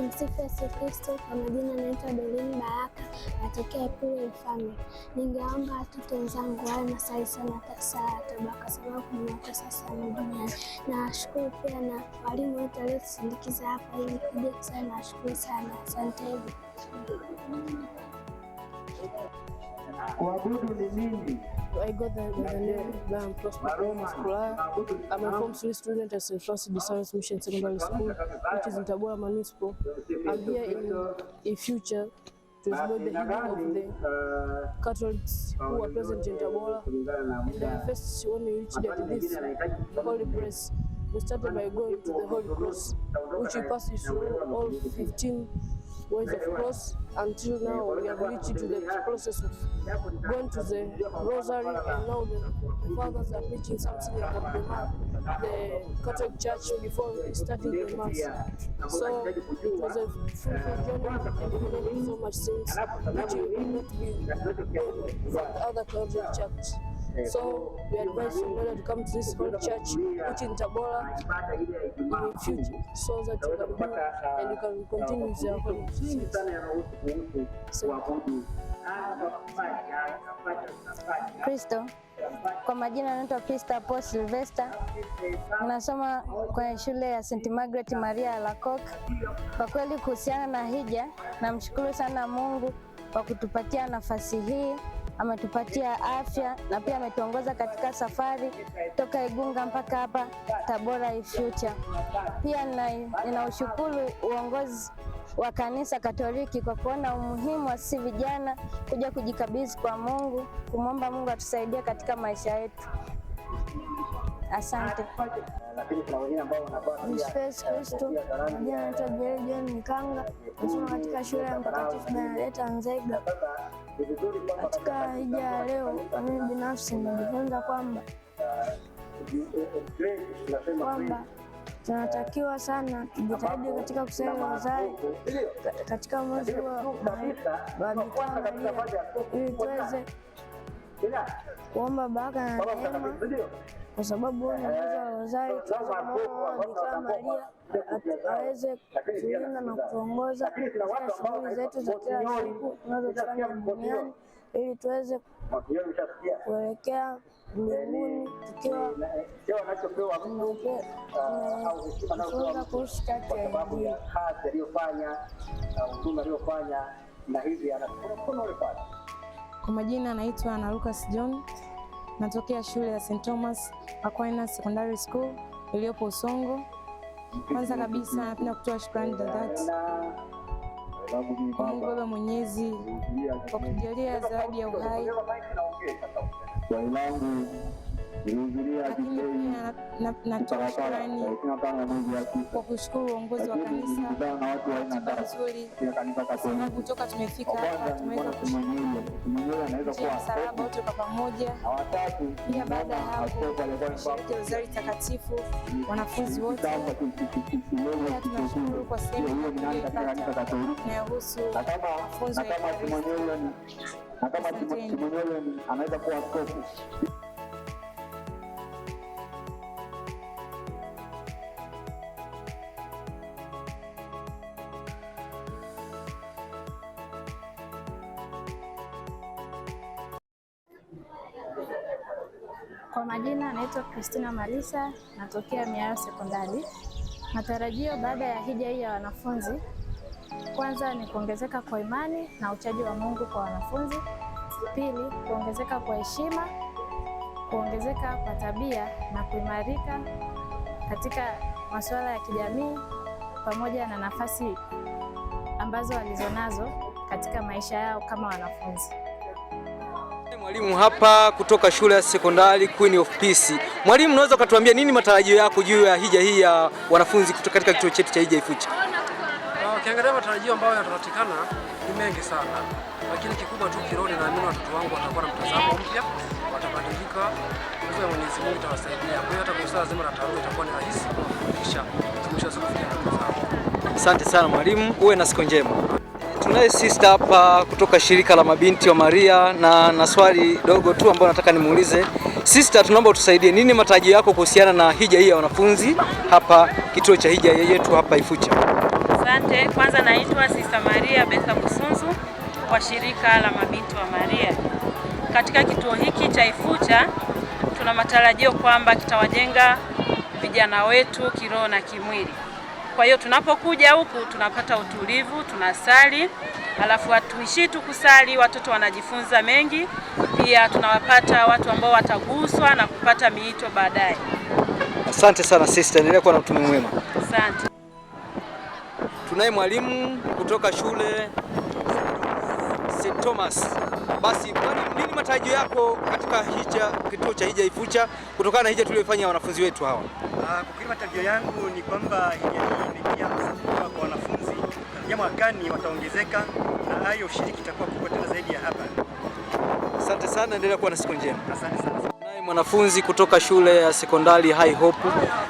Tumsifu Yesu Kristo. Kwa majina naitwa Doreen Baraka, natokea Ipule Ifame. Ningeomba watoto wenzangu wawe na sali sana sala ya toba, kwa sababu mnakosa sana duniani. Nawashukuru pia na walimu wote waliotusindikiza hapa ili kuja kusali. Nawashukuru sana, asanteni. Kuabudu ni nini? I got the, name Brian um, I'm a form three student at St. Francis de Sales Mission Secondary School, which is in Tabora Municipal. I'm here in a future to promote the healing of the Catholics who are present in Tabora. And uh, first, when we reached at this holy place, we started by going to the Holy Cross, which we passed through all 15 was of course until now we have reached to the process of going to the rosary and now the fathers are preaching something about the the Catholic Church before starting the mass. So it was a fruitful journey and we learned so much things which will not be from other Catholic churches. So we advise everybody to come to this whole church which in Tabora in future so that you can grow and you can continue with your whole so, Kristo kwa majina anaitwa Krista Paul Sylvester, nasoma kwenye shule ya St. Margaret Maria Alacoque. Kwa kweli kuhusiana na hija, namshukuru sana Mungu kwa kutupatia nafasi hii ametupatia afya na pia ametuongoza katika safari toka Igunga mpaka hapa Tabora ifuture. Pia ninaushukuru uongozi wa kanisa Katoliki kwa kuona umuhimu wa sisi vijana kuja kujikabidhi kwa Mungu, kumwomba Mungu atusaidie katika maisha yetu. Asante. Yesu Kristo, kijana anaitwa John Mikanga, nasoma katika shule ya Mtakatifu Bernadeta Nzega. Katika hija ya leo, mimi binafsi nimejifunza kwamba kwamba tunatakiwa sana tujitahidi katika kusema rozari katika mwezi wa Bikira Maria ili tuweze kuomba baraka na neema kwa sababu anaweza rozari Bikira Maria aweze kutulinda na kutuongoza katika shughuli zetu za kila siku tunazofanya duniani ili tuweze kuelekea mbinguni yaani, tukiwa eh, eh, tumejifunza ah, kuishi kati ya Injili Kwa majina anaitwa Ana Lucas John Natokea shule ya St. Thomas Aquinas Secondary School iliyopo Usongo. Kwanza kabisa napenda kutoa shukrani za dhati kwa Mungu Baba Mwenyezi kwa kujalia zawadi ya uhai. Lakini pia kwa kushukuru uongozi wa kanisa ratiba nzuri, kutoka tumefika hapa tumeweza kushiriki msalaba wote kwa pamoja. Pia baada ya hapo tumeshiriki rozari takatifu wanafunzi wote. Pia tunashukuru kwa sehemu inayohusu mafunzo ya Ekaristi. Asanteni. Naitwa Christina Malisa, natokea Miayo Sekondari. Matarajio baada ya hija hii ya wanafunzi, kwanza ni kuongezeka kwa imani na uchaji wa Mungu kwa wanafunzi, pili kuongezeka kwa heshima, kuongezeka kwa tabia na kuimarika katika masuala ya kijamii pamoja na nafasi ambazo walizonazo katika maisha yao kama wanafunzi. Mwalimu hapa kutoka shule ya sekondari Queen of Peace. Mwalimu, unaweza ukatuambia nini matarajio yako juu ya hija hii ya wanafunzi kutoka katika kituo chetu cha hija Ifucha? Ah, ukiangalia matarajio ambayo yanapatikana ni mengi sana, lakini kikubwa tu kironi, naamini watoto wangu watakuwa na mtazamo mpya, watabadilika. Nguvu ya Mwenyezi Mungu itawasaidia. Kwa hiyo hata kwa sasa zima la taaluma itakuwa ni rahisi kisha kufikia ndoto Asante sana mwalimu, uwe na siku njema. Tunaye sister hapa kutoka shirika la mabinti wa Maria na na swali dogo tu ambalo nataka nimuulize sister. Tunaomba utusaidie, nini matarajio yako kuhusiana na hija hii ya wanafunzi hapa kituo cha hija yetu hapa Ifucha? Asante. Kwanza naitwa Sister Maria Betha Kusunzu wa shirika la mabinti wa Maria. Katika kituo hiki cha Ifucha tuna matarajio kwamba kitawajenga vijana wetu kiroho na kimwili. Kwa hiyo tunapokuja huku tunapata utulivu, tunasali, alafu hatuishii tu kusali, watoto wanajifunza mengi pia, tunawapata watu ambao wataguswa na kupata miito baadaye. Asante sana sister, endelea kuwa na utume mwema. Asante. Tunaye mwalimu kutoka shule Thomas, basi kwani nini matarajio yako katika hija kituo cha hija Ifucha kutokana na hija tuliyofanya wanafunzi wetu hawa? Ah, kwa kweli matarajio yangu ni kwamba hija hii imekia msafara kwa wanafunzi ya mwakani wataongezeka, na hayo ushiriki itakuwa kubwa tena zaidi ya hapa. Asante sana, endelea kuwa na siku njema. Asante sana. Naye mwanafunzi kutoka shule ya sekondari High Hope,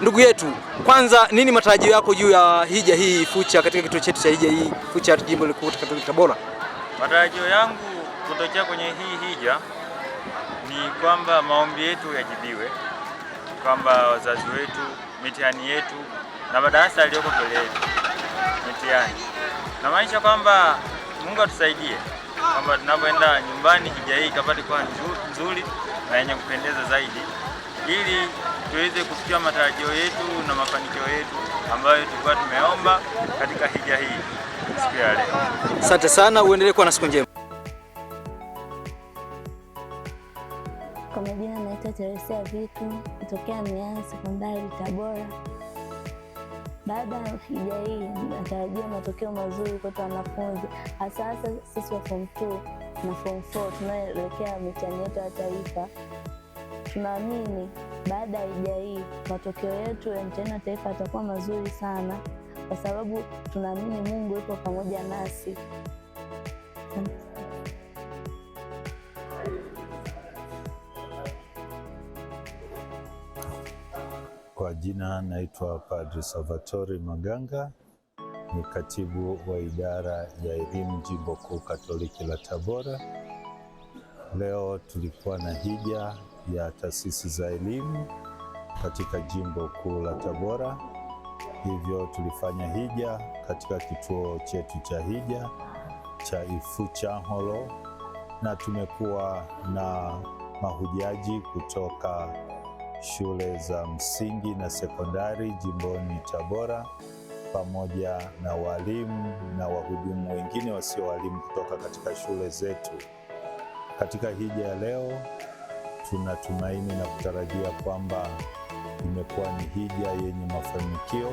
ndugu yetu, kwanza nini matarajio yako juu ya hija hii Ifucha katika kituo chetu cha hija hii Ifucha, jimbo kuu la Tabora? Matarajio yangu kutokea kwenye hii hija ni kwamba maombi yetu yajibiwe, kwamba wazazi wetu, mitihani yetu na madarasa yaliyoko mbele yetu mitihani, maanisha kwamba Mungu atusaidie kwamba tunapoenda nyumbani hija hii ikapate kuwa nzuri na yenye kupendeza zaidi, ili tuweze kufikia matarajio yetu na mafanikio yetu ambayo tulikuwa tumeomba katika hija hii. Asante sana, uendelee kuwa na siku njema. Kwa majina naitwa Teresia Vitu kutokea Mianzi Sekondari Tabora. Baada ya hija hii natarajia matokeo mazuri kwetu wanafunzi, hasa hasa sisi wa form 2 na form 4 tunaelekea mitihani yetu ya taifa. Tunaamini baada ya hija hii matokeo yetu ya mtihani wa taifa yatakuwa mazuri sana kwa sababu tunaamini Mungu yuko pamoja nasi. Kwa jina naitwa Padre Salvatore Maganga, ni katibu wa idara ya elimu Jimbo Kuu Katoliki la Tabora. Leo tulikuwa na hija ya taasisi za elimu katika Jimbo Kuu la Tabora hivyo tulifanya hija katika kituo chetu cha hija cha Ifuchaholo na tumekuwa na mahujaji kutoka shule za msingi na sekondari jimboni Tabora pamoja na walimu na wahudumu wengine wasio walimu kutoka katika shule zetu. Katika hija ya leo tunatumaini na kutarajia kwamba imekuwa ni hija yenye mafanikio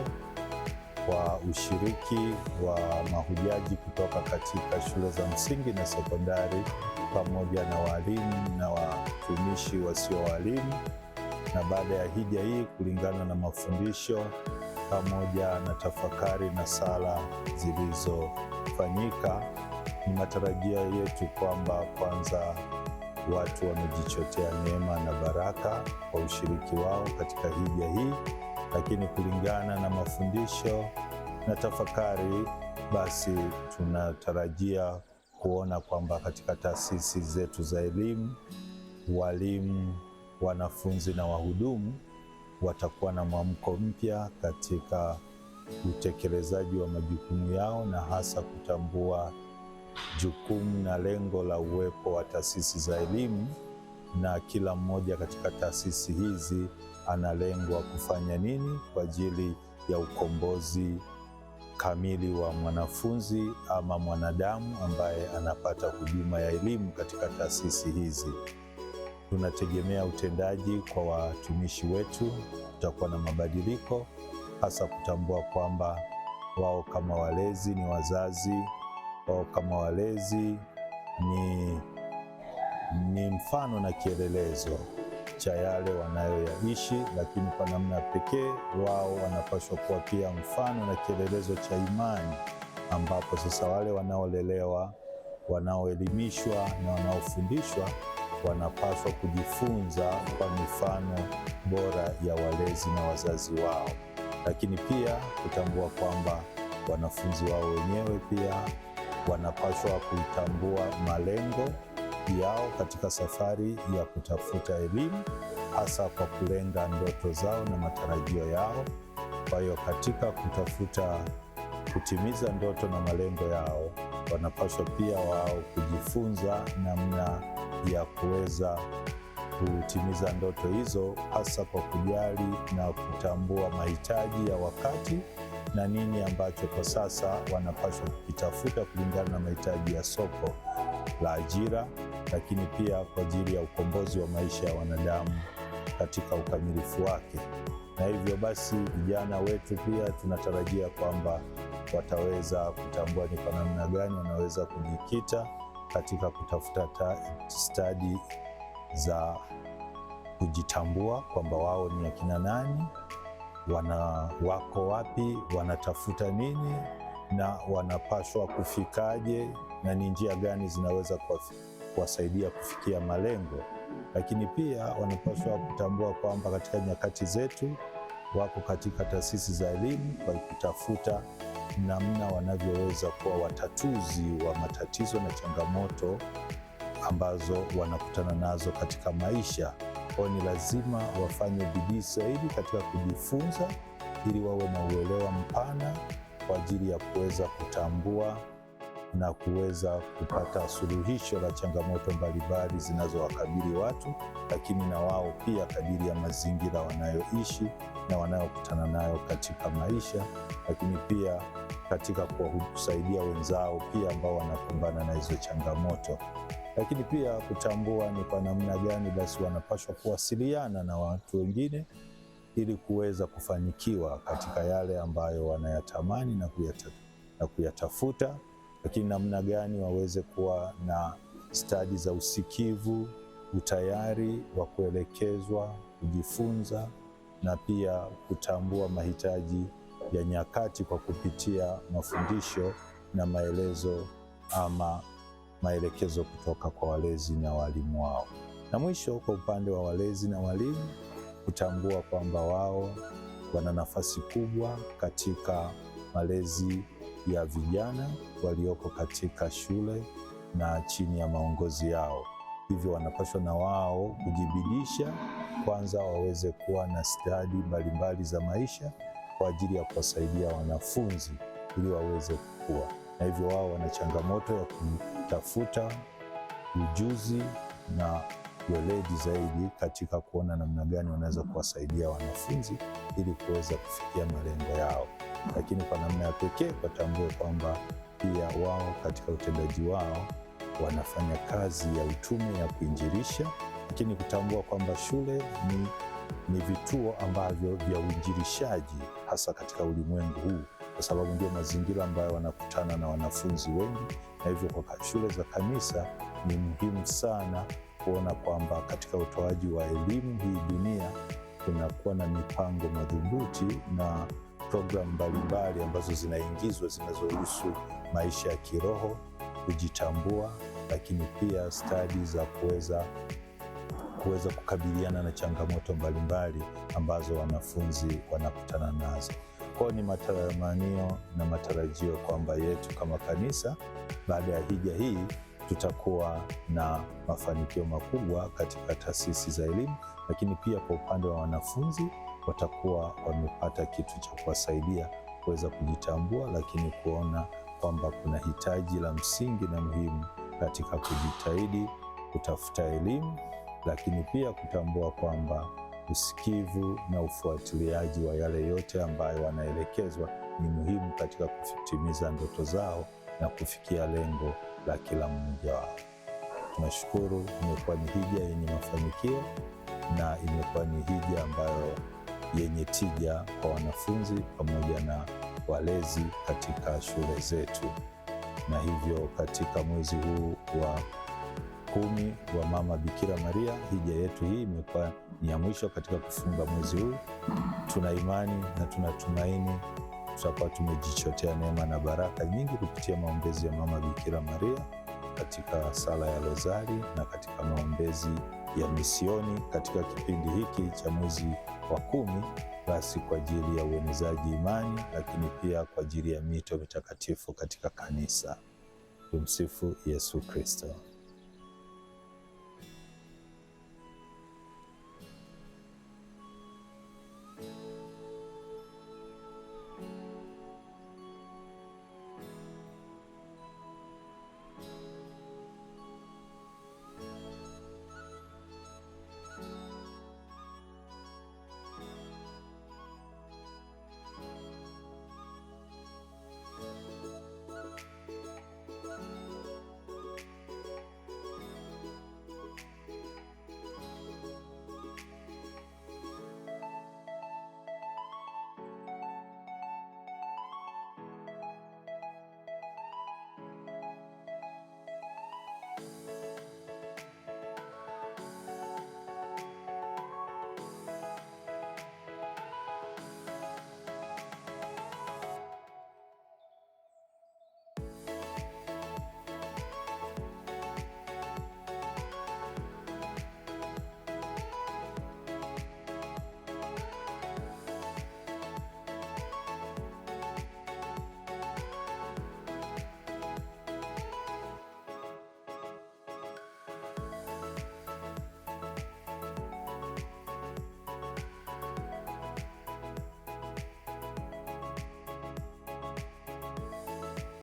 kwa ushiriki wa mahujaji kutoka katika shule za msingi na sekondari pamoja na walimu na watumishi wasio walimu. Na baada ya hija hii, kulingana na mafundisho pamoja na tafakari na sala zilizofanyika, ni matarajio yetu kwamba kwanza watu wamejichotea neema na baraka kwa ushiriki wao katika hija hii, lakini kulingana na mafundisho na tafakari, basi tunatarajia kuona kwamba katika taasisi zetu za elimu, walimu, wanafunzi na wahudumu watakuwa na mwamko mpya katika utekelezaji wa majukumu yao na hasa kutambua jukumu na lengo la uwepo wa taasisi za elimu, na kila mmoja katika taasisi hizi analengwa kufanya nini kwa ajili ya ukombozi kamili wa mwanafunzi ama mwanadamu ambaye anapata huduma ya elimu katika taasisi hizi. Tunategemea utendaji kwa watumishi wetu, kutakuwa na mabadiliko hasa kutambua kwamba wao kama walezi ni wazazi o kama walezi ni, ni mfano na kielelezo cha yale wanayoyaishi, lakini kwa namna pekee wao wanapaswa kuwa pia mfano na kielelezo cha imani, ambapo sasa wale wanaolelewa, wanaoelimishwa na wanaofundishwa wanapaswa kujifunza kwa mifano bora ya walezi na wazazi wao, lakini pia kutambua kwamba wanafunzi wao wenyewe pia wanapaswa kuitambua malengo yao katika safari ya kutafuta elimu, hasa kwa kulenga ndoto zao na matarajio yao. Kwa hiyo katika kutafuta kutimiza ndoto na malengo yao, wanapaswa pia wao kujifunza namna ya kuweza kutimiza ndoto hizo, hasa kwa kujali na kutambua mahitaji ya wakati na nini ambacho kwa sasa wanapaswa kukitafuta kulingana na mahitaji ya soko la ajira, lakini pia kwa ajili ya ukombozi wa maisha ya wanadamu katika ukamilifu wake. Na hivyo basi, vijana wetu pia tunatarajia kwamba wataweza kutambua ni kwa namna gani wanaweza kujikita katika kutafuta stadi za kujitambua kwamba wao ni akina nani wana wako wapi, wanatafuta nini na wanapaswa kufikaje, na ni njia gani zinaweza kuwasaidia kufikia malengo. Lakini pia wanapaswa kutambua kwamba katika nyakati zetu wako katika taasisi za elimu kutafuta namna wanavyoweza kuwa watatuzi wa matatizo na changamoto ambazo wanakutana nazo katika maisha kwao ni lazima wafanye bidii zaidi katika kujifunza ili wawe na uelewa mpana kwa ajili ya kuweza kutambua na kuweza kupata suluhisho la changamoto mbalimbali zinazowakabili watu, lakini na wao pia kadiri ya mazingira wanayoishi na wanayokutana nayo katika maisha, lakini pia katika kusaidia wenzao pia ambao wanakumbana na hizo changamoto lakini pia kutambua ni kwa namna gani basi wanapaswa kuwasiliana na watu wengine ili kuweza kufanikiwa katika yale ambayo wanayatamani na, kuyata, na kuyatafuta, lakini namna gani waweze kuwa na stadi za usikivu, utayari wa kuelekezwa, kujifunza na pia kutambua mahitaji ya nyakati kwa kupitia mafundisho na maelezo ama maelekezo kutoka kwa walezi na walimu wao. Na mwisho, kwa upande wa walezi na walimu, kutambua kwamba wao wana nafasi kubwa katika malezi ya vijana walioko katika shule na chini ya maongozi yao, hivyo wanapaswa na wao kujibidisha kwanza waweze kuwa na stadi mbalimbali za maisha kwa ajili ya kuwasaidia wanafunzi ili waweze kukua na hivyo wao wana changamoto ya kutafuta ujuzi na weledi zaidi katika kuona namna gani wanaweza kuwasaidia wanafunzi ili kuweza kufikia malengo yao. Lakini kwa namna ya pekee watambue kwamba pia wao katika utendaji wao wanafanya kazi ya utume ya kuinjirisha, lakini kutambua kwamba shule ni, ni vituo ambavyo vya uinjirishaji hasa katika ulimwengu huu kwa sababu ndio mazingira ambayo wanakutana na wanafunzi wengi, na hivyo kwa shule za kanisa ni muhimu sana kuona kwamba katika utoaji wa elimu hii dunia kunakuwa na mipango madhubuti na programu mbalimbali ambazo zinaingizwa zinazohusu maisha ya kiroho, kujitambua, lakini pia stadi za kuweza kuweza kukabiliana na changamoto mbalimbali ambazo wanafunzi wanakutana nazo. Kwao ni matamanio na matarajio kwamba yetu kama kanisa, baada ya hija hii tutakuwa na mafanikio makubwa katika taasisi za elimu, lakini pia kwa upande wa wanafunzi watakuwa wamepata kitu cha kuwasaidia kuweza kujitambua, lakini kuona kwamba kuna hitaji la msingi na muhimu katika kujitahidi kutafuta elimu, lakini pia kutambua kwamba usikivu na ufuatiliaji wa yale yote ambayo wanaelekezwa ni muhimu katika kutimiza ndoto zao na kufikia lengo la kila mmoja wao. Tunashukuru, imekuwa ni hija yenye mafanikio na imekuwa ni hija ambayo yenye tija kwa wanafunzi pamoja na walezi katika shule zetu, na hivyo katika mwezi huu wa kumi wa Mama Bikira Maria. Hija yetu hii imekuwa ni ya mwisho katika kufunga mwezi huu. Tuna imani na tunatumaini tutakuwa tumejichotea neema na baraka nyingi kupitia maombezi ya Mama Bikira Maria katika sala ya Rozari na katika maombezi ya misioni katika kipindi hiki cha mwezi wa kumi, basi kwa ajili ya uenezaji imani, lakini pia kwa ajili ya mito mitakatifu katika kanisa. Tumsifu Yesu Kristo.